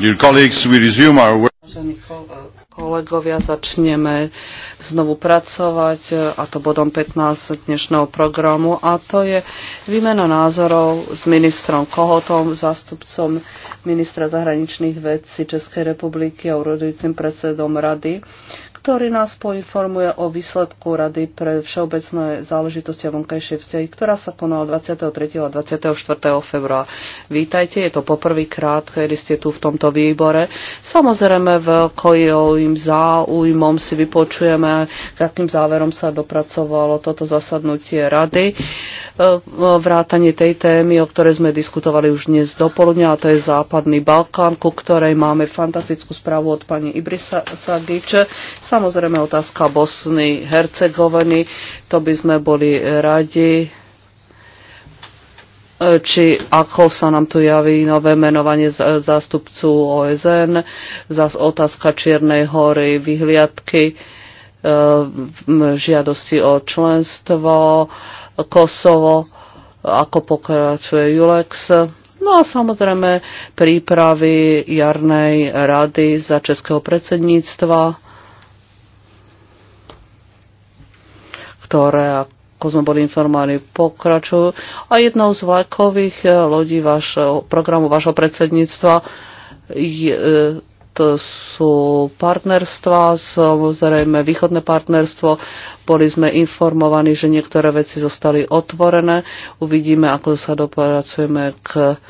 Dear colleagues, we resume our work. Vážení kolegovia, začneme znovu pracovať, a to bodom 15 dnešného programu, a to je výmena názorov s ministrom Kohotom, zástupcom ministra zahraničných vecí Českej republiky a urodujúcim predsedom rady. Uh, ktorý nás poinformuje o výsledku Rady pre všeobecné záležitosti a vonkajšie vzťahy, ktorá sa konala 23. a 24. februára. Vítajte, je to poprvýkrát, kedy ste tu v tomto výbore. Samozrejme, veľkým záujmom si vypočujeme, k akým záverom sa dopracovalo toto zasadnutie Rady. Uh, E, e, vrátanie tej témy, o ktorej sme diskutovali už dnes dopoludňa, a to je Západný Balkán, ku ktorej máme fantastickú správu od pani Ibrisa Sagič. Samozrejme otázka Bosny, Hercegoviny, to by sme boli radi e, či ako sa nám tu javí nové menovanie zástupcu OSN, zás otázka Čiernej hory, vyhliadky, žiadosti o členstvo, Kosovo, ako pokračuje Julex. No a samozrejme prípravy jarnej rady za českého predsedníctva, ktoré, ako sme boli informovaní, pokračujú. A jednou z vlajkových eh, lodí vašho, programu vašho predsedníctva je, eh, to sú partnerstva, samozrejme východné partnerstvo. Boli sme informovaní, že niektoré veci zostali otvorené. Uvidíme, ako sa dopracujeme k,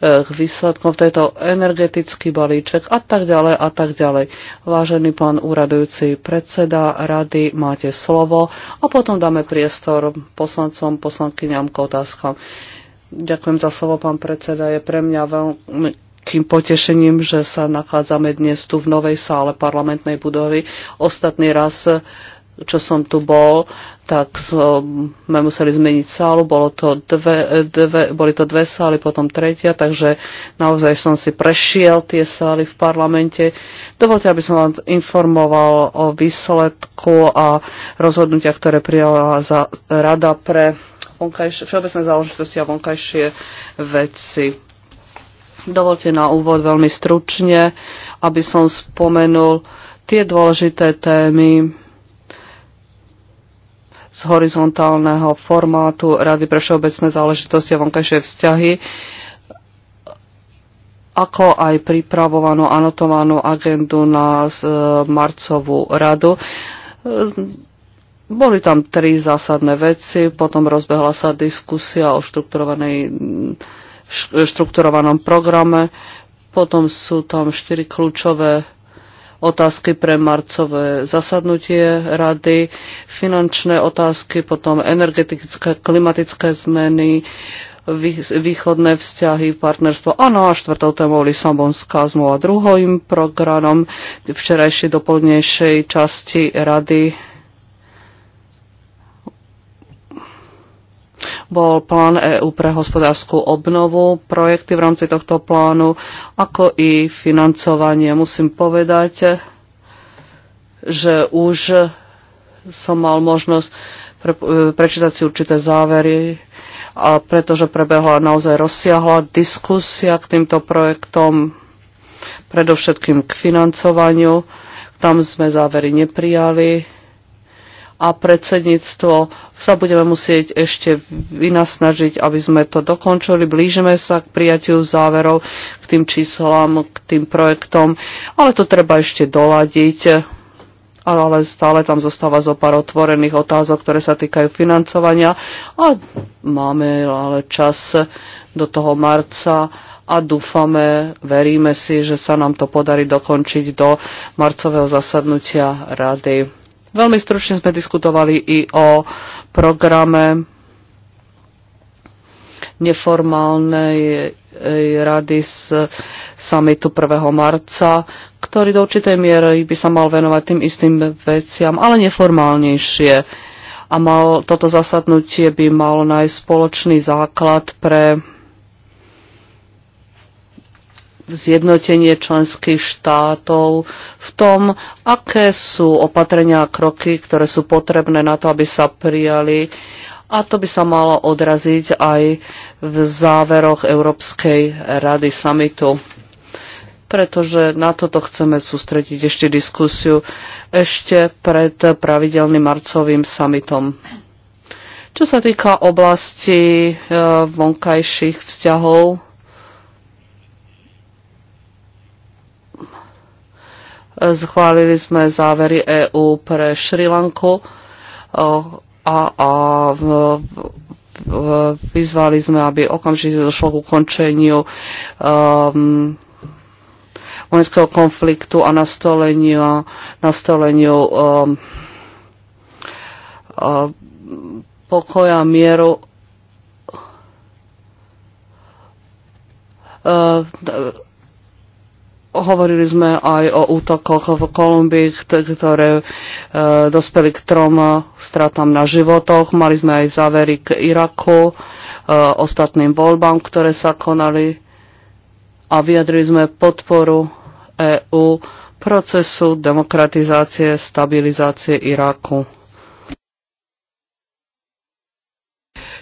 e, k výsledkom v tejto energetický balíček a tak ďalej a tak ďalej. Vážený pán úradujúci predseda rady, máte slovo a potom dáme priestor poslancom, poslankyňam k otázkam. Ďakujem za slovo, pán predseda. Je pre mňa veľmi veľkým potešením, že sa nachádzame dnes tu v novej sále parlamentnej budovy. Ostatný raz, čo som tu bol, tak sme museli zmeniť sálu. Bolo to dve, dve, boli to dve sály, potom tretia, takže naozaj som si prešiel tie sály v parlamente. Dovolte, aby som vám informoval o výsledku a rozhodnutiach, ktoré prijala za, rada pre vonkajšie, všeobecné záležitosti a vonkajšie veci Dovolte na úvod veľmi stručne, aby som spomenul tie dôležité témy z horizontálneho formátu Rady pre všeobecné záležitosti a vonkajšie vzťahy, ako aj pripravovanú anotovanú agendu na e, marcovú radu. E, boli tam tri zásadné veci, potom rozbehla sa diskusia o štrukturovanej štrukturovanom programe. Potom sú tam štyri kľúčové otázky pre marcové zasadnutie rady, finančné otázky, potom energetické, klimatické zmeny, východné vzťahy, partnerstvo. Áno, a štvrtou témou Lisabonská zmluva druhým programom včerajšej dopolnejšej časti rady bol plán EÚ pre hospodárskú obnovu, projekty v rámci tohto plánu, ako i financovanie. Musím povedať, že už som mal možnosť pre, e, prečítať si určité závery, a pretože prebehla naozaj rozsiahla diskusia k týmto projektom, predovšetkým k financovaniu. Tam sme závery neprijali a predsedníctvo sa budeme musieť ešte vynasnažiť, aby sme to dokončili. Blížime sa k prijatiu záverov, k tým číslám, k tým projektom, ale to treba ešte doladiť. Ale stále tam zostáva zo pár otvorených otázok, ktoré sa týkajú financovania. A máme ale čas do toho marca a dúfame, veríme si, že sa nám to podarí dokončiť do marcového zasadnutia rady. Veľmi stručne sme diskutovali i o programe neformálnej eh, rady z samitu 1. marca, ktorý do určitej miery by sa mal venovať tým istým veciam, ale neformálnejšie. A mal, toto zasadnutie by malo nájsť spoločný základ pre zjednotenie členských štátov v tom, aké sú opatrenia a kroky, ktoré sú potrebné na to, aby sa prijali a to by sa malo odraziť aj v záveroch Európskej rady samitu pretože na toto chceme sústrediť ešte diskusiu ešte pred pravidelným marcovým summitom. Čo sa týka oblasti eh, vonkajších vzťahov, Schválili jsme závěry EU pre Šrilanku a, a vyzvali sme, aby okamžite došlo k ukončeniu um, vojenského konfliktu a nastoleniu, nastoleniu um, um, pokoja, mieru. Uh, um, Hovorili sme aj o útokoch v Kolumbii, ktoré e, dospeli k trom stratám na životoch. Mali sme aj závery k Iraku, e, ostatným voľbám, ktoré sa konali a vyjadrili sme podporu EÚ procesu demokratizácie, stabilizácie Iraku.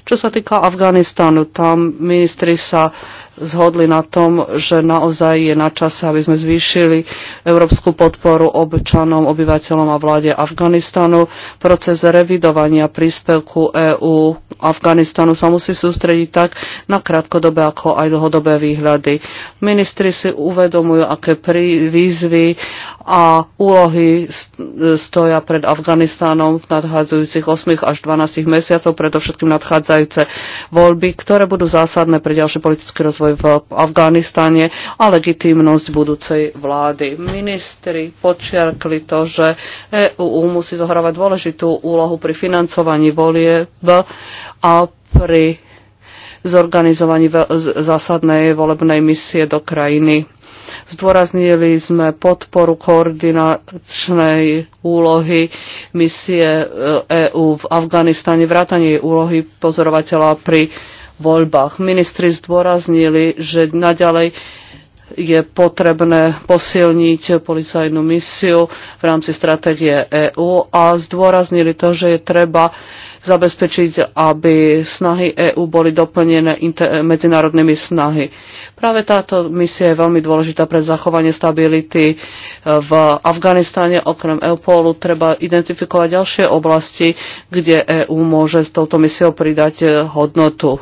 Čo sa týka Afganistanu, tam ministri sa zhodli na tom, že naozaj je na čase, aby sme zvýšili európsku podporu občanom, obyvateľom a vláde Afganistanu. Proces revidovania príspevku EÚ Afganistanu sa musí sústrediť tak na krátkodobé ako aj dlhodobé výhľady. Ministri si uvedomujú, aké prí, výzvy a úlohy stoja pred Afganistánom v nadchádzajúcich 8 až 12 mesiacov, predovšetkým nadchádzajúce voľby, ktoré budú zásadné pre ďalší politický rozvoj v Afganistáne a legitímnosť budúcej vlády. Ministri počiarkli to, že EÚ musí zohrávať dôležitú úlohu pri financovaní volieb a pri zorganizovaní zásadnej volebnej misie do krajiny. Zdôraznili sme podporu koordinačnej úlohy misie EÚ e v Afganistane, vrátanie úlohy pozorovateľa pri voľbách. Ministri zdôraznili, že naďalej je potrebné posilniť policajnú misiu v rámci stratégie EÚ a zdôraznili to, že je treba zabezpečiť, aby snahy EÚ boli doplnené medzinárodnými snahy. Práve táto misia je veľmi dôležitá pre zachovanie stability e, v Afganistane. Okrem EUPOLu treba identifikovať ďalšie oblasti, kde EÚ môže s touto misiou pridať e, hodnotu.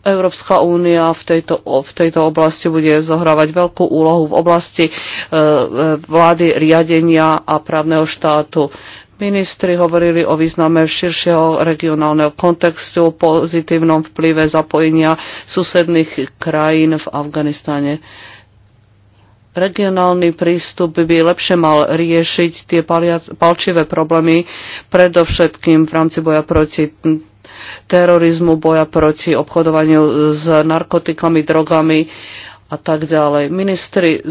Európska únia v tejto, v tejto oblasti bude zohrávať veľkú úlohu v oblasti e, vlády, riadenia a právneho štátu. Ministri hovorili o význame širšieho regionálneho kontextu, pozitívnom vplyve zapojenia susedných krajín v Afganistane. Regionálny prístup by lepšie mal riešiť tie palčivé problémy, predovšetkým v rámci boja proti terorizmu, boja proti obchodovaniu s narkotikami, drogami a tak ďalej. Ministri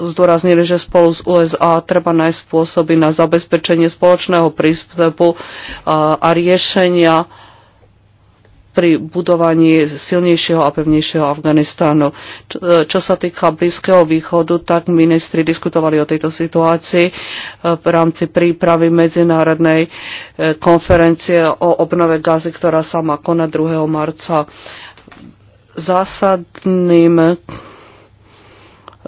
zdôraznili, že spolu s USA treba nájsť spôsoby na zabezpečenie spoločného prístupu a riešenia pri budovaní silnejšieho a pevnejšieho Afganistánu. Čo, e, čo sa týka Blízkeho východu, tak ministri diskutovali o tejto situácii e, v rámci prípravy medzinárodnej e, konferencie o obnove gazy, ktorá sa má konať 2. marca. Zásadným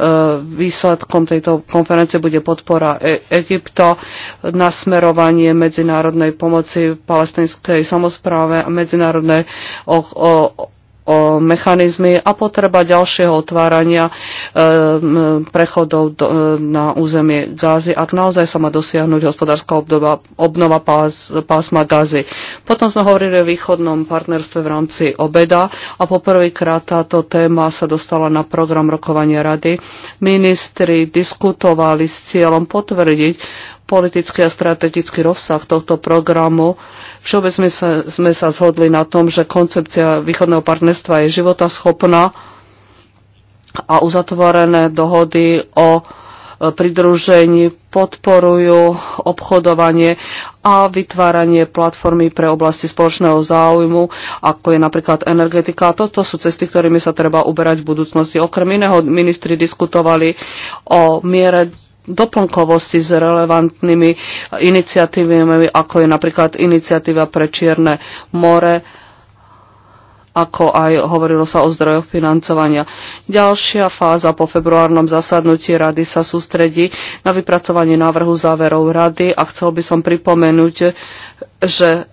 E, výsledkom tejto konferencie bude podpora e- Egypta, nasmerovanie medzinárodnej pomoci palestinskej samozpráve a medzinárodné o- o- mechanizmy a potreba ďalšieho otvárania e, prechodov do, e, na územie Gázy, ak naozaj sa má dosiahnuť hospodárska obdoba, obnova pás, pásma Gázy. Potom sme hovorili o východnom partnerstve v rámci obeda a poprvýkrát táto téma sa dostala na program rokovania rady. Ministri diskutovali s cieľom potvrdiť politický a strategický rozsah tohto programu. Všeobecne sa, sme sa zhodli na tom, že koncepcia východného partnerstva je životaschopná a uzatvorené dohody o e, pridružení podporujú obchodovanie a vytváranie platformy pre oblasti spoločného záujmu, ako je napríklad energetika. Toto sú cesty, ktorými sa treba uberať v budúcnosti. Okrem iného ministri diskutovali o miere doplnkovosti s relevantnými iniciatívami, ako je napríklad iniciatíva pre Čierne more, ako aj hovorilo sa o zdrojoch financovania. Ďalšia fáza po februárnom zasadnutí rady sa sústredí na vypracovanie návrhu záverov rady a chcel by som pripomenúť, že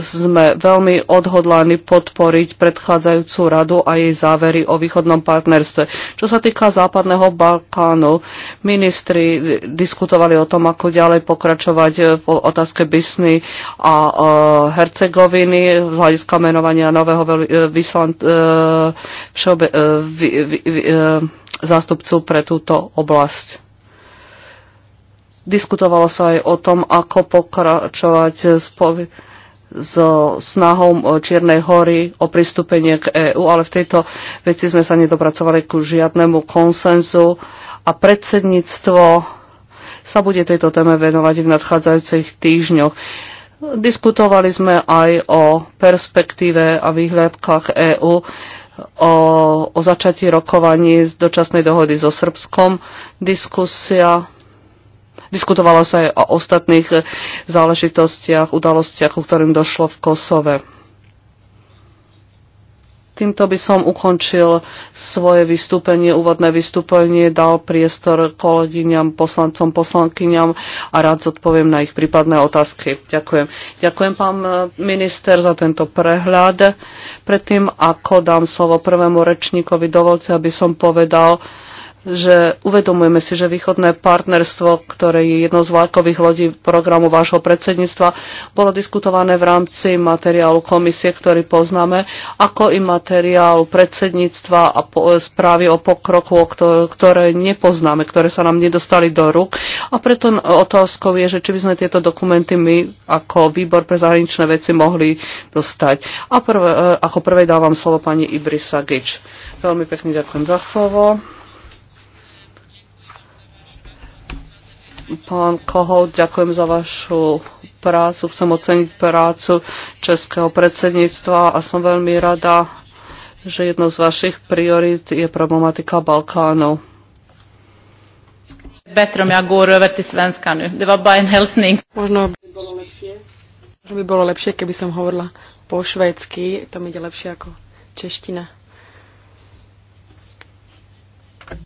sme veľmi odhodlani podporiť predchádzajúcu radu a jej závery o východnom partnerstve. Čo sa týka západného Balkánu, ministri diskutovali o tom, ako ďalej pokračovať v otázke Bisny a e, Hercegoviny z hľadiska menovania nového e, vyslant, e, všeobe, vy, vy, vy, zástupcu pre túto oblasť. Diskutovalo sa aj o tom, ako pokračovať s so snahou e, Čiernej hory o pristúpenie k EÚ, ale v tejto veci sme sa nedopracovali ku žiadnemu konsenzu a predsedníctvo sa bude tejto téme venovať v nadchádzajúcich týždňoch. Diskutovali sme aj o perspektíve a výhľadkách EÚ, o, o začatí rokovaní z dočasnej dohody so Srbskom. Diskusia Diskutovalo sa aj o ostatných e, záležitostiach, udalostiach, ku ktorým došlo v Kosove. Týmto by som ukončil svoje vystúpenie, úvodné vystúpenie, dal priestor kolegyňam, poslancom, poslankyňam a rád zodpoviem na ich prípadné otázky. Ďakujem. Ďakujem, pán e, minister, za tento prehľad. Predtým, ako dám slovo prvému rečníkovi, dovolte, aby som povedal, že uvedomujeme si, že východné partnerstvo, ktoré je jednou z vlákových lodí programu vášho predsedníctva, bolo diskutované v rámci materiálu komisie, ktorý poznáme, ako i materiál predsedníctva a e, správy o pokroku, ktoré nepoznáme, ktoré sa nám nedostali do rúk. A preto otázkou je, že či by sme tieto dokumenty my ako výbor pre zahraničné veci mohli dostať. A prv, e, ako prvé dávam slovo pani Ibrisa Gič. Veľmi pekne ďakujem za slovo. Pán Kohol, ďakujem za vašu prácu. Chcem oceniť prácu Českého predsedníctva a som veľmi rada, že jednou z vašich priorit je problematika Balkánu. Bättre om jag går över till svenska nu. Det var bara en hälsning. Možno by bolo lepšie. Možno by bolo lepšie, keby som hovorila po švédsky. To mi ide lepšie ako čeština.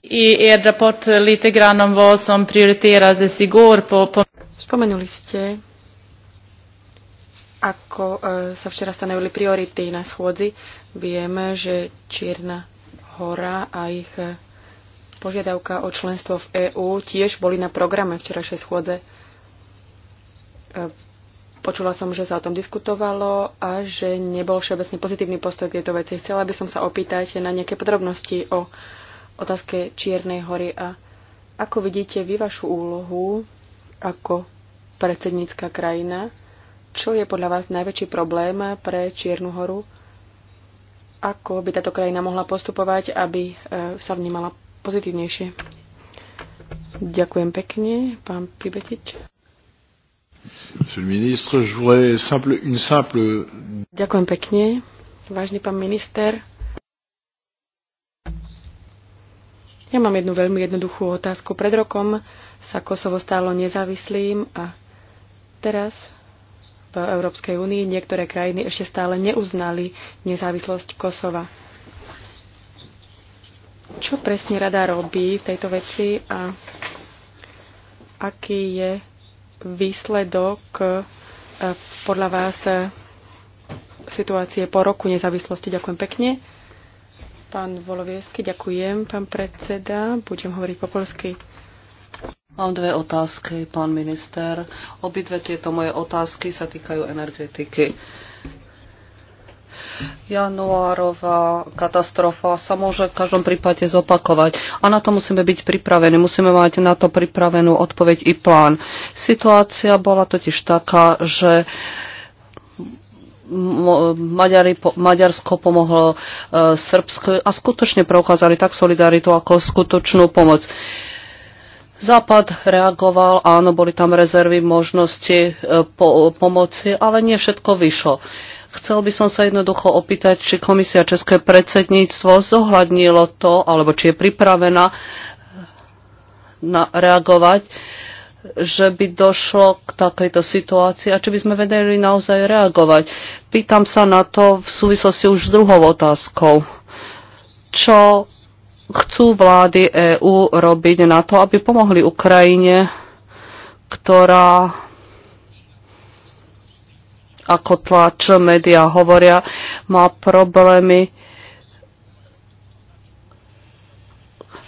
I er rapport lite grann om vad som prioriterades igår po, po... Spomenuli ste, ako e, sa včera stanovili priority na schôdzi. Vieme, že Čierna hora a ich e, požiadavka o členstvo v EÚ tiež boli na programe včerajšej schôdze. E, počula som, že sa o tom diskutovalo a že nebol všeobecne pozitívny postoj k tejto veci. Chcela by som sa opýtať na nejaké podrobnosti o otázke Čiernej hory a ako vidíte vy vašu úlohu ako predsednícka krajina? Čo je podľa vás najväčší problém pre Čiernu horu? Ako by táto krajina mohla postupovať, aby e, sa vnímala pozitívnejšie? Ďakujem pekne, pán Pribetič. Monsieur le ministre, je voudrais simple, une simple... Ďakujem pekne, vážny pán minister. Ja mám jednu veľmi jednoduchú otázku. Pred rokom sa Kosovo stalo nezávislým a teraz v Európskej únii niektoré krajiny ešte stále neuznali nezávislosť Kosova. Čo presne rada robí v tejto veci a aký je výsledok e, podľa vás e, situácie po roku nezávislosti? Ďakujem pekne. Pán Voloviesky, ďakujem. Pán predseda, budem hovoriť po polsky. Mám dve otázky, pán minister. Obidve tieto moje otázky sa týkajú energetiky. Januárová katastrofa sa môže v každom prípade zopakovať a na to musíme byť pripravení. Musíme mať na to pripravenú odpoveď i plán. Situácia bola totiž taká, že uh, Maďari, Maďarsko pomohlo e, Srbsku a skutočne preukázali tak solidaritu ako skutočnú pomoc. Západ reagoval, áno, boli tam rezervy, možnosti e, po, pomoci, ale nie všetko vyšlo. Chcel by som sa jednoducho opýtať, či komisia České predsedníctvo zohľadnilo to, alebo či je pripravená na reagovať že by došlo k takejto situácii a či by sme vedeli naozaj reagovať. Pýtam sa na to v súvislosti už s druhou otázkou. Čo chcú vlády EÚ robiť na to, aby pomohli Ukrajine, ktorá ako tlač, médiá hovoria, má problémy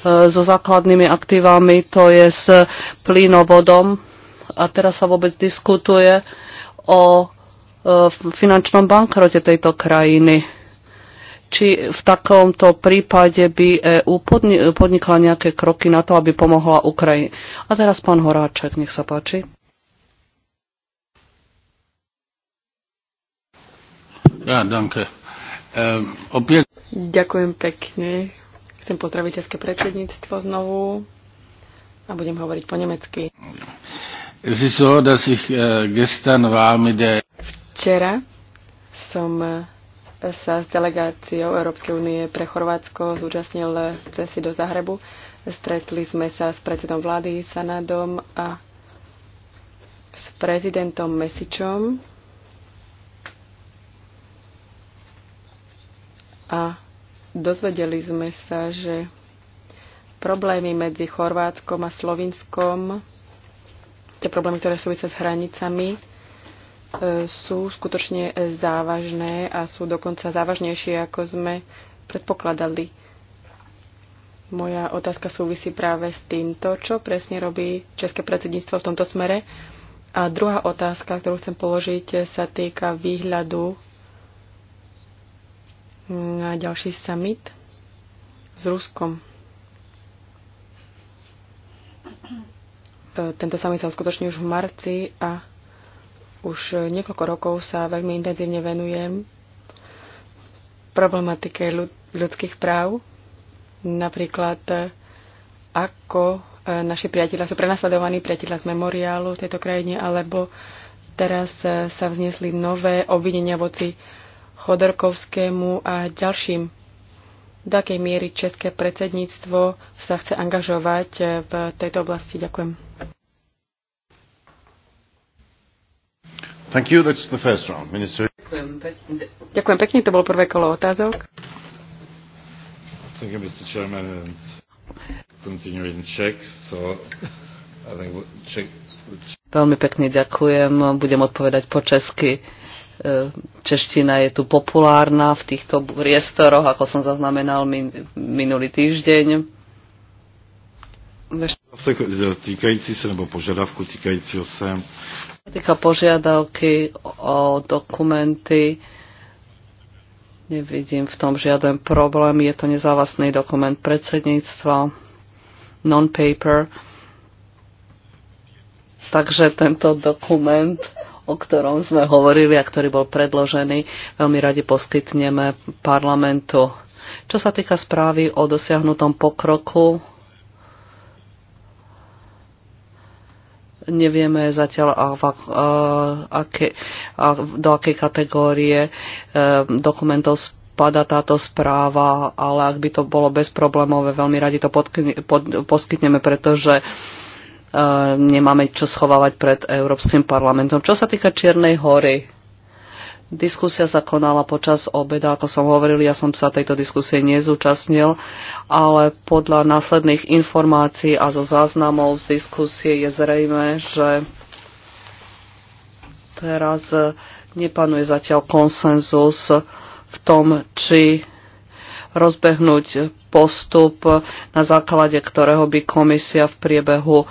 E, so základnými aktívami, to je s plynovodom. A teraz sa vôbec diskutuje o e, finančnom bankrote tejto krajiny. Či v takomto prípade by EU podnikla nejaké kroky na to, aby pomohla Ukrajine. A teraz pán Horáček, nech sa páči. Ja, danke. Um, ehm, opie... Ďakujem pekne. Chcem pozdraviť české predsedníctvo znovu a budem hovoriť po nemecky. Äh, Včera som äh, sa s delegáciou Európskej únie pre Chorvátsko zúčastnil cesty do Zahrebu. Stretli sme sa s predsedom vlády Sanadom a s prezidentom Mesičom. A dozvedeli sme sa, že problémy medzi Chorvátskom a Slovinskom, tie problémy, ktoré súvisia s hranicami, e, sú skutočne závažné a sú dokonca závažnejšie, ako sme predpokladali. Moja otázka súvisí práve s týmto, čo presne robí České predsedníctvo v tomto smere. A druhá otázka, ktorú chcem položiť, sa týka výhľadu na ďalší summit s Ruskom. E, tento summit sa uskutoční už v marci a už niekoľko rokov sa veľmi intenzívne venujem problematike ľudských práv. Napríklad, e, ako e, naši priatelia sú prenasledovaní, priatelia z memoriálu v tejto krajine, alebo teraz sa vznesli nové obvinenia voci Chodorkovskému a ďalším. Do akej miery české predsedníctvo sa chce angažovať v tejto oblasti? Ďakujem. Thank you. That's the first round, Minister. Ďakujem, pekne. Ďakujem pekne, to bolo prvé kolo otázok. Thank you, Mr. Chairman, and continue in Czech, so I think Czech, Czech. Veľmi pekne ďakujem, budem odpovedať po česky. E, čeština je tu populárna v týchto priestoroch, ako som zaznamenal minulý týždeň. E, týkající sa, nebo požiadavku týkajúceho sa. Týka požiadavky o dokumenty. Nevidím v tom žiaden problém. Je to nezávastný dokument predsedníctva, non-paper. Takže tento dokument o ktorom sme hovorili a ktorý bol predložený, veľmi radi poskytneme parlamentu. Čo sa týka správy o dosiahnutom pokroku, nevieme zatiaľ a v, a, aké, a do akej kategórie e, dokumentov spada táto správa, ale ak by to bolo bezproblémové, veľmi radi to pod, pod, poskytneme, pretože e, Ehm, nemáme čo schovávať pred Európskym parlamentom. Čo sa týka Čiernej hory, Diskusia sa konala počas obeda, ako som hovoril, ja som sa tejto diskusie nezúčastnil, ale podľa následných informácií a zo záznamov z diskusie je zrejme, že teraz nepanuje zatiaľ konsenzus v tom, či rozbehnúť postup, na základe ktorého by komisia v priebehu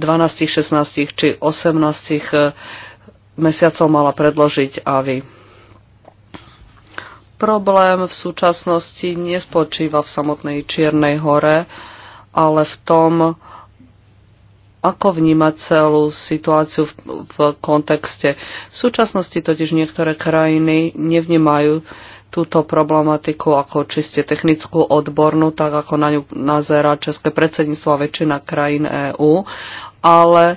12, 16 či 18 eh, mesiacov mala predložiť AVI problém v súčasnosti nespočíva v samotnej Čiernej hore, ale v tom, ako vnímať celú situáciu v, v kontexte. V súčasnosti totiž niektoré krajiny nevnímajú túto problematiku ako čiste technickú odbornú, tak ako na ňu nazerá České predsedníctvo a väčšina krajín EÚ, ale e,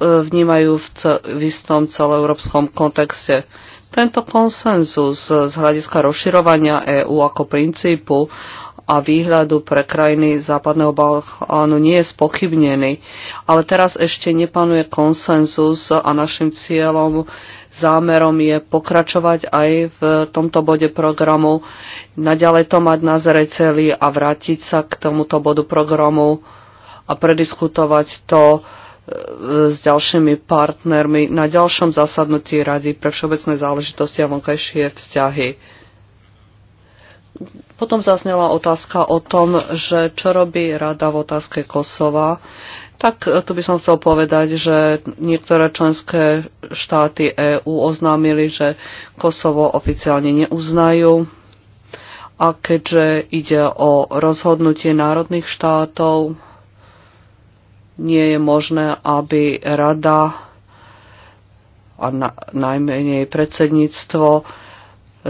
vnímajú v, v istom celoeurópskom kontexte. Tento konsenzus z hľadiska rozširovania EÚ ako princípu a výhľadu pre krajiny Západného Balkánu nie je spochybnený. Ale teraz ešte nepanuje konsenzus a našim cieľom zámerom je pokračovať aj v tomto bode programu, naďalej to mať na zreceli a vrátiť sa k tomuto bodu programu a prediskutovať to e, s ďalšími partnermi na ďalšom zasadnutí Rady pre všeobecné záležitosti a vonkajšie vzťahy. Potom zaznela otázka o tom, že čo robí Rada v otázke Kosova tak e, tu by som chcel povedať, že niektoré členské štáty EÚ oznámili, že Kosovo oficiálne neuznajú. A keďže ide o rozhodnutie národných štátov, nie je možné, aby rada a na, najmenej predsedníctvo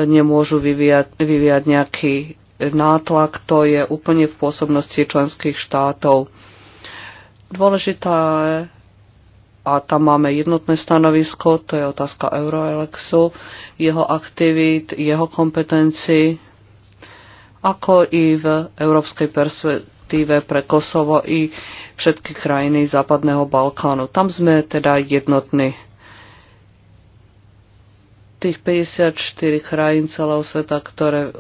nemôžu vyvíjať, vyvíjať nejaký nátlak. To je úplne v pôsobnosti členských štátov Důležitá je, a tam máme jednotné stanovisko, to je otázka Euroelexu, jeho aktivit, jeho kompetenci, ako i v európskej perspektíve pre Kosovo i všetky krajiny Západného Balkánu. Tam sme teda jednotní. Tých 54 krajín celého sveta, ktoré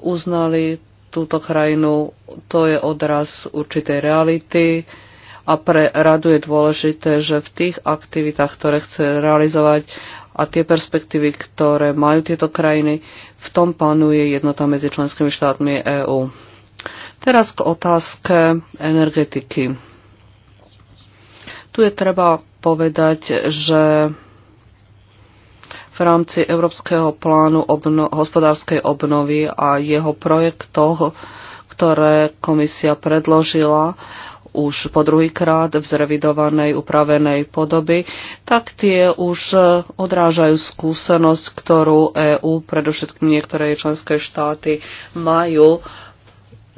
uznali túto krajinu, to je odraz určitej reality, a pre radu je dôležité, že v tých aktivitách, ktoré chce realizovať a tie perspektívy, ktoré majú tieto krajiny, v tom panuje jednota medzi členskými štátmi EÚ. Teraz k otázke energetiky. Tu je treba povedať, že v rámci Európskeho plánu obno- hospodárskej obnovy a jeho projektov, ktoré komisia predložila, už po druhýkrát v zrevidovanej, upravenej podoby, tak tie už e, odrážajú skúsenosť, ktorú EÚ, predovšetkým niektoré členské štáty, majú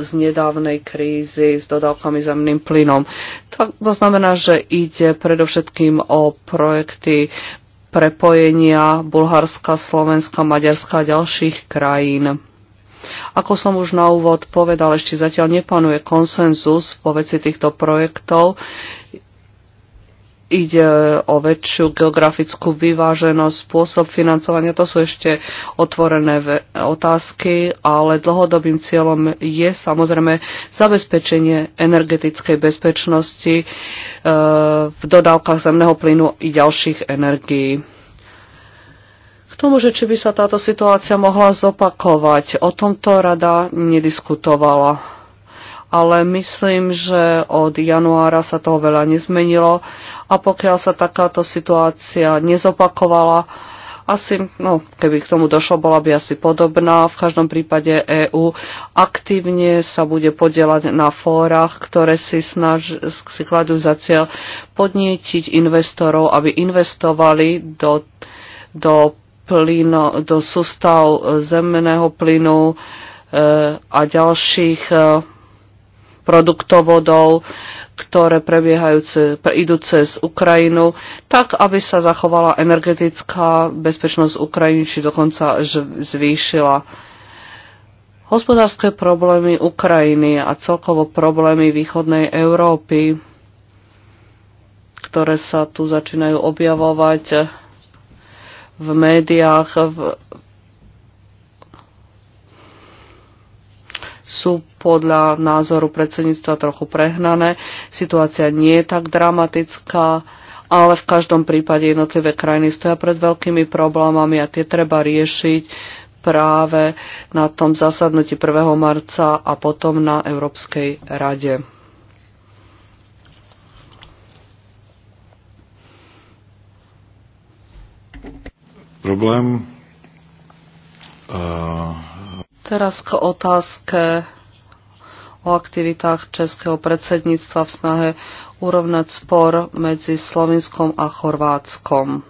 z nedávnej krízy s dodávkami zemným plynom. To znamená, že ide predovšetkým o projekty prepojenia Bulharska, Slovenska, Maďarska a ďalších krajín. Ako som už na úvod povedal, ešte zatiaľ nepanuje konsenzus po veci týchto projektov. Ide o väčšiu geografickú vyváženosť, spôsob financovania. To sú ešte otvorené otázky, ale dlhodobým cieľom je samozrejme zabezpečenie energetickej bezpečnosti e, v dodávkach zemného plynu i ďalších energií k tomu, že či by sa táto situácia mohla zopakovať. O tomto rada nediskutovala. Ale myslím, že od januára sa toho veľa nezmenilo a pokiaľ sa takáto situácia nezopakovala, asi, no, keby k tomu došlo, bola by asi podobná. V každom prípade EÚ aktívne sa bude podielať na fórach, ktoré si, snaž, si kladú za cieľ podnietiť investorov, aby investovali do, do plyno, do sústav e, zemného plynu e, a ďalších e, produktovodov, ktoré prebiehajú ce, idú cez Ukrajinu, tak aby sa zachovala energetická bezpečnosť Ukrajiny, či dokonca zvýšila. Hospodárske problémy Ukrajiny a celkovo problémy východnej Európy, ktoré sa tu začínajú objavovať, v médiách v, sú podľa názoru predsedníctva trochu prehnané. Situácia nie je tak dramatická, ale v každom prípade jednotlivé krajiny stoja pred veľkými problémami a tie treba riešiť práve na tom zasadnutí 1. marca a potom na Európskej rade. Problém. Uh... Teraz k otázke o aktivitách českého predsedníctva v snahe urovnať spor medzi Slovinskom a Chorvátskom.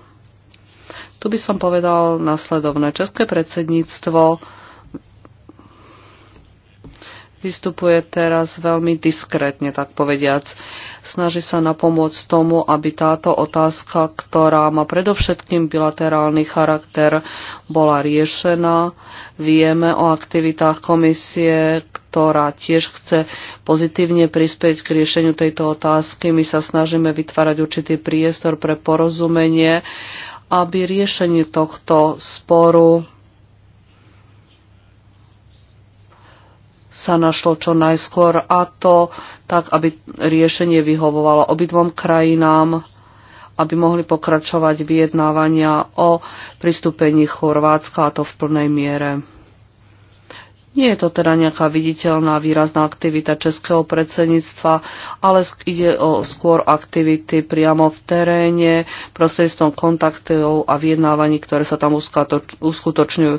Tu by som povedal nasledovné. České predsedníctvo vystupuje teraz veľmi diskrétne, tak povediac. Snaží sa na pomôcť tomu, aby táto otázka, ktorá má predovšetkým bilaterálny charakter, bola riešená. Vieme o aktivitách komisie, ktorá tiež chce pozitívne prispieť k riešeniu tejto otázky. My sa snažíme vytvárať určitý priestor pre porozumenie, aby riešenie tohto sporu sa našlo čo najskôr a to tak, aby riešenie vyhovovalo obidvom krajinám, aby mohli pokračovať vyjednávania o pristúpení Chorvátska a to v plnej miere. Nie je to teda nejaká viditeľná výrazná aktivita českého predsedníctva, ale ide o skôr aktivity priamo v teréne, prostredstvom kontaktov a vyjednávaní, ktoré sa tam uskutočňujú.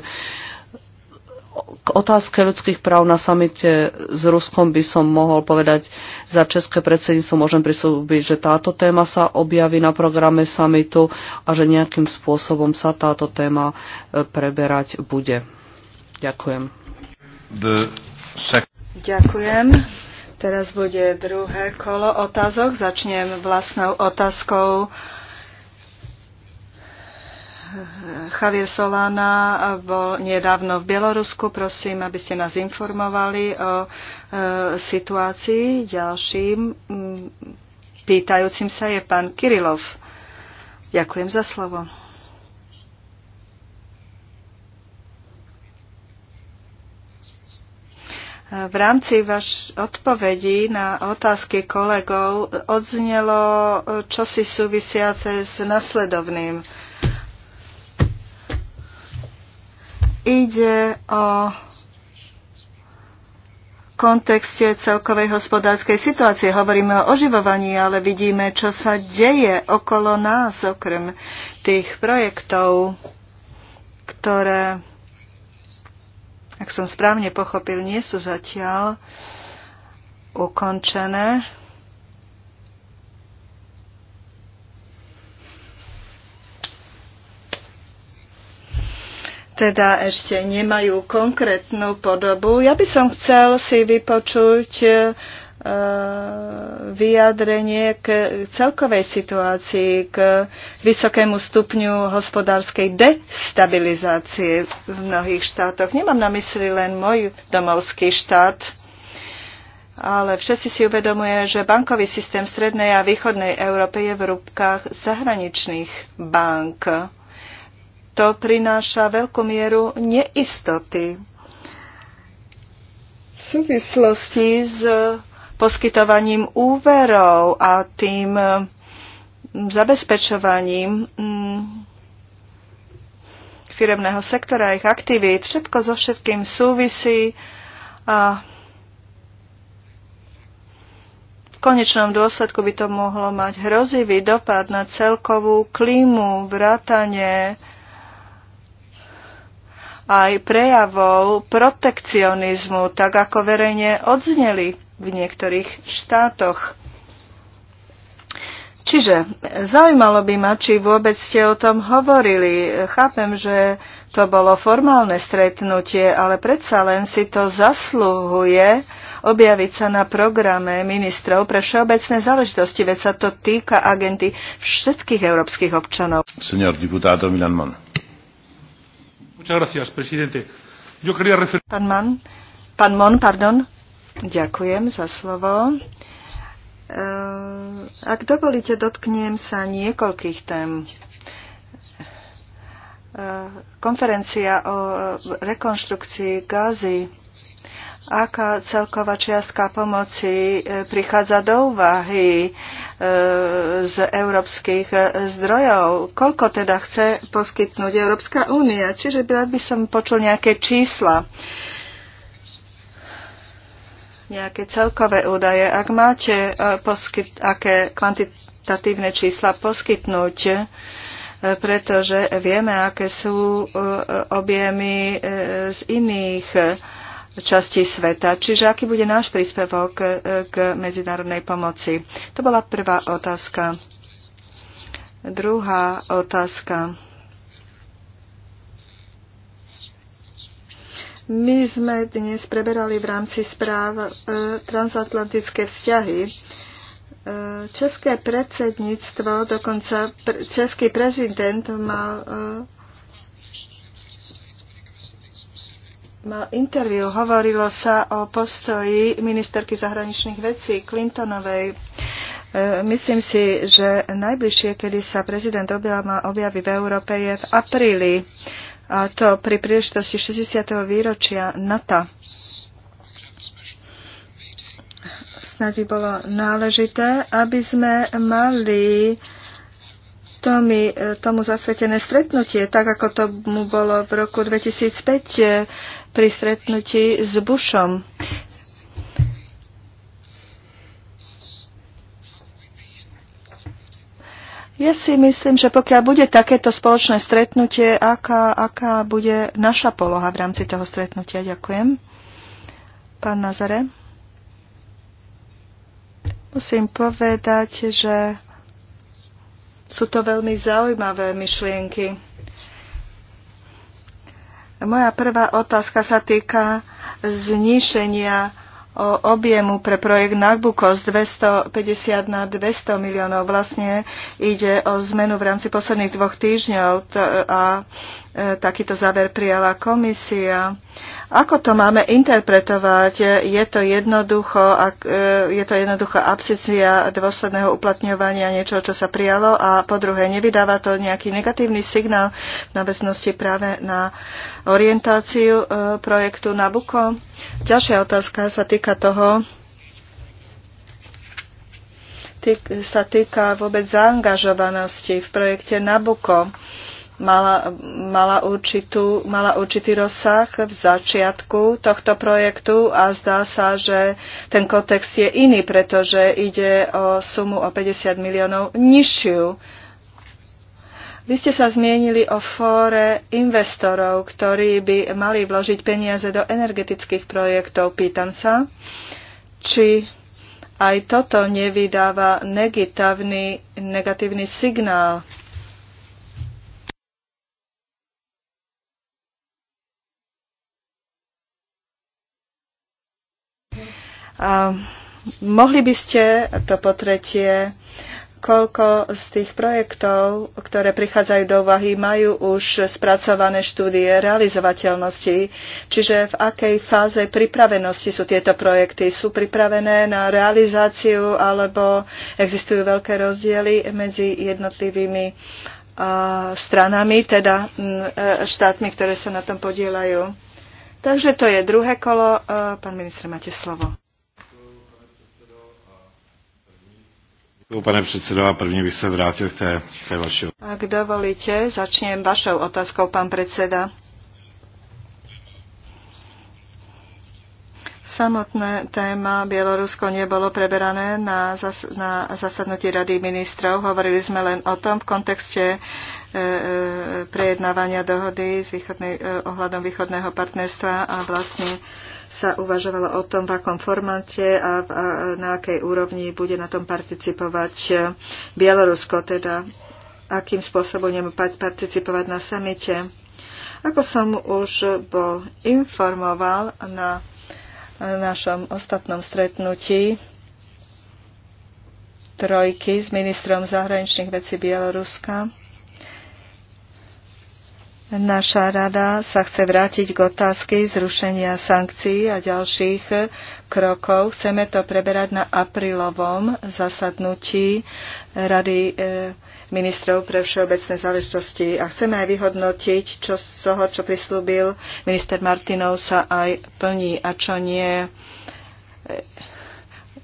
K otázke ľudských práv na samite s Ruskom by som mohol povedať, za české predsedníctvo môžem prisúbiť, že táto téma sa objaví na programe samitu a že nejakým spôsobom sa táto téma e, preberať bude. Ďakujem. Ďakujem. Teraz bude druhé kolo otázok. Začnem vlastnou otázkou Javier Solana bol nedávno v Bielorusku. Prosím, aby ste nás informovali o e, situácii. Ďalším mm, pýtajúcim sa je pán Kirilov. Ďakujem za slovo. V rámci vaš odpovedí na otázky kolegov odznelo čosi súvisiace s nasledovným. ide o kontexte celkovej hospodárskej situácie. Hovoríme o oživovaní, ale vidíme, čo sa deje okolo nás, okrem tých projektov, ktoré, ak som správne pochopil, nie sú zatiaľ ukončené. teda ešte nemajú konkrétnu podobu. Ja by som chcel si vypočuť e, vyjadrenie k celkovej situácii, k vysokému stupňu hospodárskej destabilizácie v mnohých štátoch. Nemám na mysli len môj domovský štát, ale všetci si uvedomuje, že bankový systém strednej a východnej Európy je v rúbkach zahraničných bank to prináša veľkú mieru neistoty. V súvislosti s poskytovaním úverov a tým mm, zabezpečovaním mm, firemného sektora, ich aktivít, všetko so všetkým súvisí a v konečnom dôsledku by to mohlo mať hrozivý dopad na celkovú klímu, vrátanie aj prejavov protekcionizmu, tak ako verejne odzneli v niektorých štátoch. Čiže zaujímalo by ma, či vôbec ste o tom hovorili. Chápem, že to bolo formálne stretnutie, ale predsa len si to zasluhuje objaviť sa na programe ministrov pre všeobecné záležitosti, veď sa to týka agenty všetkých európskych občanov. Senior deputátor Milan Mon. Muchas gracias, presidente. Yo quería referir... Pán, Man, pán Mon, pardon. Ďakujem za slovo. E, ak dovolíte, dotknem sa niekoľkých tém. E, konferencia o rekonštrukcii Gazy aká celková čiastka pomoci e, prichádza do úvahy z európskych zdrojov. Koľko teda chce poskytnúť Európska únia? Čiže rád by som počul nejaké čísla nejaké celkové údaje. Ak máte, e, poskyt, aké kvantitatívne čísla poskytnúť, e, pretože vieme, aké sú e, objemy z iných časti sveta. Čiže aký bude náš príspevok e, k medzinárodnej pomoci? To bola prvá otázka. Druhá otázka. My sme dnes preberali v rámci správ e, transatlantické vzťahy. E, české predsedníctvo, dokonca český prezident mal mal interviu. Hovorilo sa o postoji ministerky zahraničných vecí Clintonovej. E, myslím si, že najbližšie, kedy sa prezident Obama objaví v Európe, je v apríli. A to pri príležitosti 60. výročia NATO. Snad by bolo náležité, aby sme mali tomu, e, tomu zasvetené stretnutie, tak ako tomu bolo v roku 2005 pri stretnutí s Bushom. Ja si myslím, že pokiaľ bude takéto spoločné stretnutie, aká, aká bude naša poloha v rámci toho stretnutia? Ďakujem. Pán Nazare. Musím povedať, že sú to veľmi zaujímavé myšlienky. Moja prvá otázka sa týka znišenia objemu pre projekt Nabucco z 250 na 200 miliónov. Vlastne ide o zmenu v rámci posledných dvoch týždňov a E, takýto záver prijala komisia. Ako to máme interpretovať? Je to jednoducho, e, je to jednoducho absencia dôsledného uplatňovania niečoho, čo sa prijalo a po druhé, nevydáva to nejaký negatívny signál v náväznosti práve na orientáciu e, projektu Nabuko? Ďalšia otázka sa týka toho, sa týka vôbec zaangažovanosti v projekte Nabuko. Uh, mala, mala, určitú, mala určitý rozsah v začiatku tohto projektu a zdá sa, že ten kontext je iný, pretože ide o sumu o 50 miliónov nižšiu. Vy ste sa zmienili o fóre investorov, ktorí by mali vložiť peniaze do energetických projektov. Pýtam sa, či aj toto nevydáva negatívny, negatívny signál A mohli by ste to potretie koľko z tých projektov, ktoré prichádzajú do úvahy, majú už spracované štúdie realizovateľnosti, čiže v akej fáze pripravenosti sú tieto projekty? Sú pripravené na realizáciu alebo existujú veľké rozdiely medzi jednotlivými stranami, teda e, štátmi, ktoré sa na tom podielajú? Takže to je druhé kolo. Pán minister, máte slovo. Pane předsedo, a první bych se vrátil k té, k té vaší. Ak dovolíte, začnem vašou otázkou, pán predseda. Samotné téma Bielorusko nebolo preberané na, zas, na zasadnutí Rady ministrov. Hovorili sme len o tom v kontexte e, e, prejednávania dohody s východnej, e, ohľadom východného partnerstva a vlastne e, sa uvažovalo o tom, v akom formáte a, a na akej úrovni bude na tom participovať Bielorusko, teda akým spôsobom budeme participovať na samite. Ako som už bol informoval na našom ostatnom stretnutí trojky s ministrom zahraničných vecí Bieloruska, Naša rada sa chce vrátiť k otázky zrušenia sankcií a ďalších krokov. Chceme to preberať na aprílovom zasadnutí Rady eh, ministrov pre všeobecné záležitosti a chceme aj vyhodnotiť, čo z toho, čo prislúbil minister Martinov, sa aj plní a čo nie. Eh,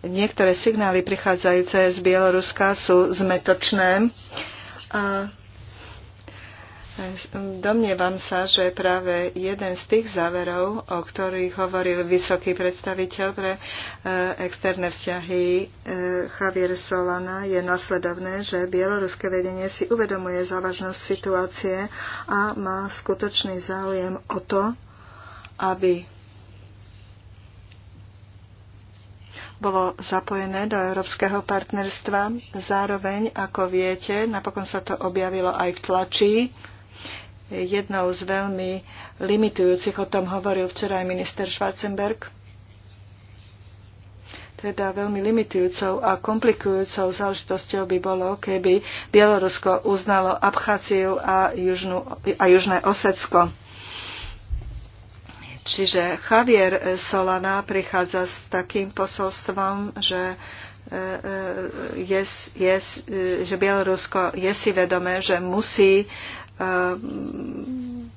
niektoré signály prichádzajúce z Bieloruska sú zmetočné. A Domnievam sa, že práve jeden z tých záverov, o ktorých hovoril vysoký predstaviteľ pre e, externé vzťahy e, Javier Solana, je nasledovné, že bieloruské vedenie si uvedomuje závažnosť situácie a má skutočný záujem o to, aby bolo zapojené do európskeho partnerstva. Zároveň, ako viete, napokon sa to objavilo aj v tlači, jednou z veľmi limitujúcich, o tom hovoril včera aj minister Schwarzenberg, teda veľmi limitujúcou a komplikujúcou záležitosťou by bolo, keby Bielorusko uznalo Abcháciu a, Južnú, a Južné Osecko. Čiže Javier Solana prichádza s takým posolstvom, že e, e, je, je, e, že Bielorusko je si vedomé, že musí Um,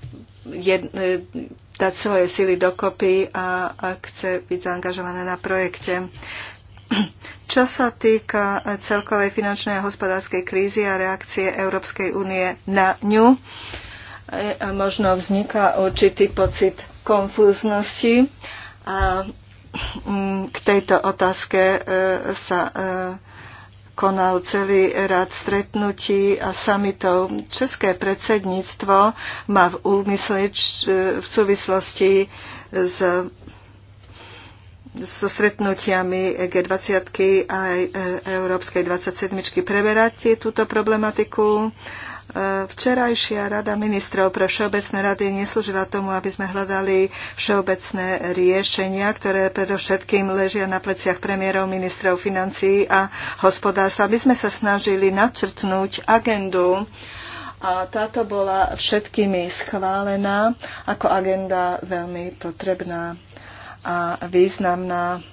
dať svoje sily dokopy a ak chce byť zaangažované na projekte. Čo sa týka celkovej finančnej a hospodárskej krízy a reakcie Európskej únie na ňu, e, možno vzniká určitý pocit konfúznosti. A mm, k tejto otázke e, sa e, konal celý rad stretnutí a samitov. České predsedníctvo má v úmysle v súvislosti s so stretnutiami G20 a e, Európskej 27 preberať túto problematiku Včerajšia rada ministrov pre všeobecné rady neslúžila tomu, aby sme hľadali všeobecné riešenia, ktoré predovšetkým ležia na pleciach premiérov, ministrov financií a hospodárstva. aby sme sa snažili načrtnúť agendu a táto bola všetkými schválená ako agenda veľmi potrebná a významná.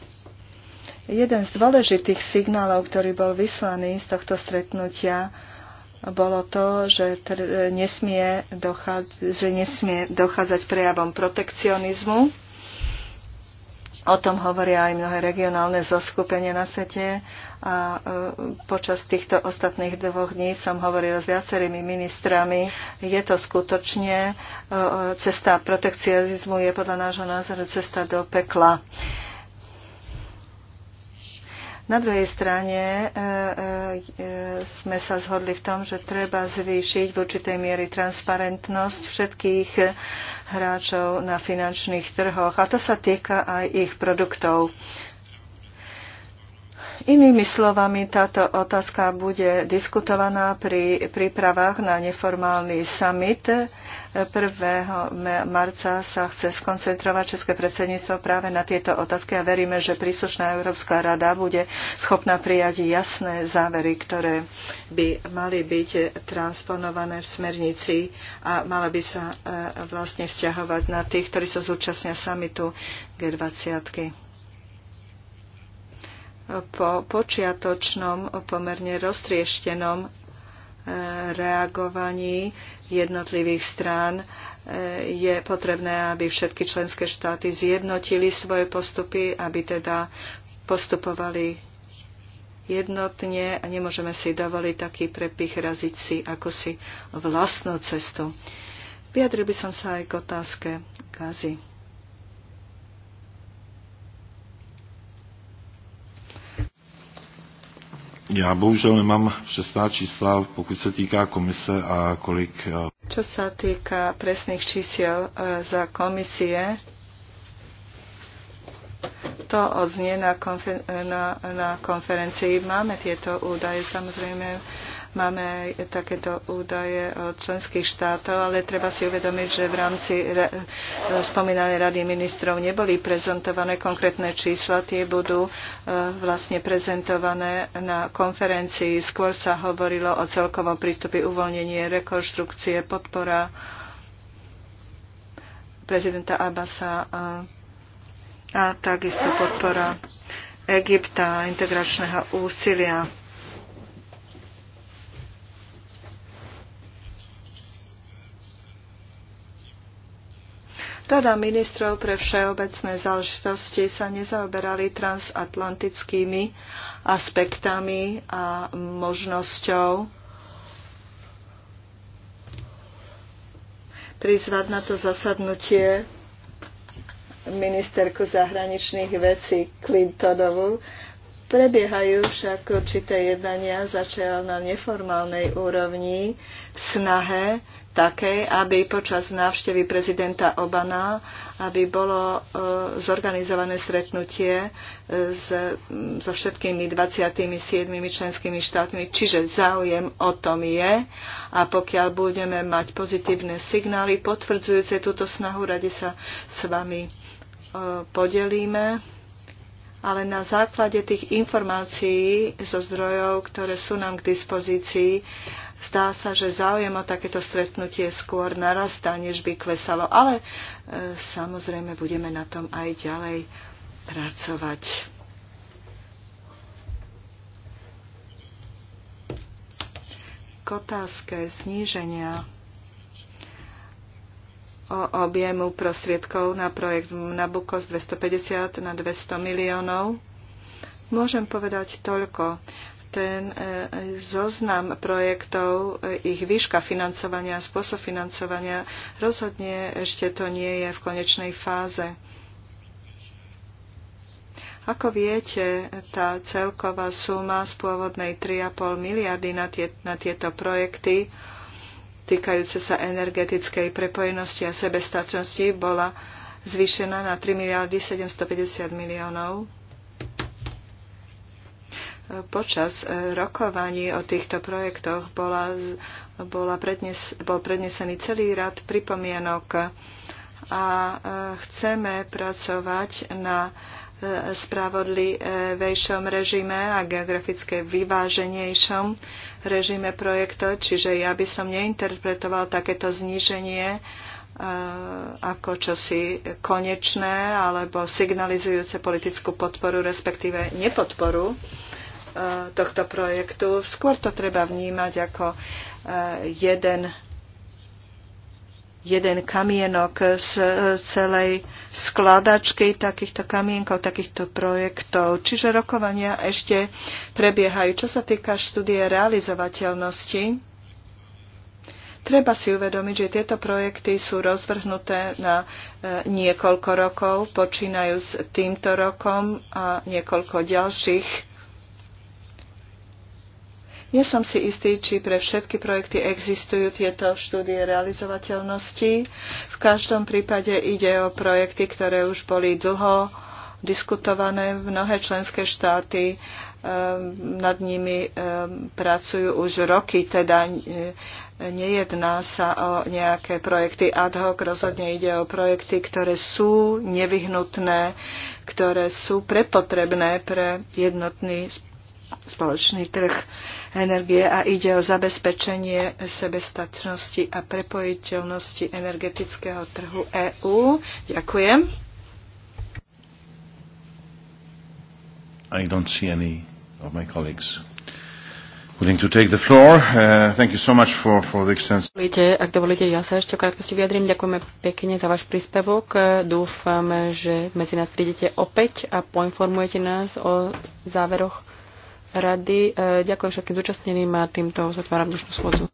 Jeden z dôležitých signálov, ktorý bol vyslaný z tohto stretnutia, bolo to, že, nesmie že nesmie dochádzať prejavom protekcionizmu. O tom hovoria aj mnohé regionálne zoskupenie na svete a e, počas týchto ostatných dvoch dní som hovoril s viacerými ministrami. Je to skutočne e, e, cesta protekcionizmu, je podľa nášho názoru cesta do pekla. Na druhej strane e, e, sme sa zhodli v tom, že treba zvýšiť v určitej miery transparentnosť všetkých hráčov na finančných trhoch a to sa týka aj ich produktov. Inými slovami, táto otázka bude diskutovaná pri prípravách na neformálny summit 1. marca sa chce skoncentrovať České predsedníctvo práve na tieto otázky a veríme, že príslušná Európska rada bude schopná prijať jasné závery, ktoré by mali byť transponované v smernici a mala by sa e, vlastne vzťahovať na tých, ktorí sa zúčastnia samitu G20. -ky po počiatočnom pomerne roztrieštenom reagovaní jednotlivých strán e, je potrebné, aby všetky členské štáty zjednotili svoje postupy, aby teda postupovali jednotne a nemôžeme si dovoliť taký prepich raziť si ako si vlastnú cestu. Vyjadril by som sa aj k otázke gazy. Já bohužel nemám přesná čísla, pokud se týká komise a kolik... Eh, Čo sa týka presných čísiel eh, za komisie, to odznie na, konfer- na, na konferencii. Máme tieto údaje, samozrejme Máme aj takéto údaje od členských štátov, ale treba si uvedomiť, že v rámci spomínanej rady ministrov neboli prezentované konkrétne čísla. Tie budú e, vlastne prezentované na konferencii. Skôr sa hovorilo o celkovom prístupe uvoľnenie, rekonštrukcie, podpora prezidenta Abasa a, a takisto podpora Egypta, integračného úsilia Rada ministrov pre všeobecné záležitosti sa nezaoberali transatlantickými aspektami a možnosťou prizvať na to zasadnutie ministerku zahraničných vecí Clintonovu, Prebiehajú však určité jednania, začal na neformálnej úrovni snahe takej, aby počas návštevy prezidenta Obana, aby bolo e, zorganizované stretnutie e, s, so všetkými 27 členskými štátmi. Čiže záujem o tom je a pokiaľ budeme mať pozitívne signály potvrdzujúce túto snahu, radi sa s vami e, podelíme ale na základe tých informácií zo zdrojov, ktoré sú nám k dispozícii, zdá sa, že záujem o takéto stretnutie skôr narastá, než by klesalo. Ale e, samozrejme budeme na tom aj ďalej pracovať. K otázke zníženia o objemu prostriedkov na projekt Nabucco z 250 na 200 miliónov. Môžem povedať toľko. Ten e, zoznam projektov, e, ich výška financovania, spôsob financovania, rozhodne ešte to nie je v konečnej fáze. Ako viete, tá celková suma z pôvodnej 3,5 miliardy na, tie, na tieto projekty týkajúce sa energetickej prepojenosti a sebestačnosti bola zvýšená na 3 miliardy 750 miliónov. Počas e, rokovaní o týchto projektoch bola, bola prednes, bol prednesený celý rad pripomienok a e, chceme pracovať na spravodlivejšom režime a geografické vyváženejšom režime projektov, čiže ja by som neinterpretoval takéto zníženie e, ako čosi konečné alebo signalizujúce politickú podporu, respektíve nepodporu e, tohto projektu. Skôr to treba vnímať ako e, jeden jeden kamienok z celej skladačky takýchto kamienkov, takýchto projektov. Čiže rokovania ešte prebiehajú. Čo sa týka štúdie realizovateľnosti, treba si uvedomiť, že tieto projekty sú rozvrhnuté na e, niekoľko rokov, počínajú s týmto rokom a niekoľko ďalších Nie som si istý, či pre všetky projekty existujú tieto štúdie realizovateľnosti. V každom prípade ide o projekty, ktoré už boli dlho diskutované. Mnohé členské štáty eh, nad nimi eh, pracujú už roky, teda eh, nejedná sa o nejaké projekty ad hoc, rozhodne ide o projekty, ktoré sú nevyhnutné, ktoré sú prepotrebné pre jednotný spoločný trh energie a ide o zabezpečenie sebestačnosti a prepojiteľnosti energetického trhu EÚ. Ďakujem. I don't see any of my colleagues willing to take the floor. Uh, thank you so much for, for the extensive... Ak dovolíte, ja sa ešte v krátkosti vyjadrím. Ďakujeme pekne za váš príspevok. Dúfam, že medzi nás prídete opäť a poinformujete nás o záveroch rady. E, ďakujem všetkým zúčastneným a týmto zatváram dnešnú schôdzu.